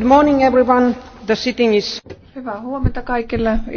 hyvää huomenta kaikille The sitting is... Hyvää huomenta kaikille.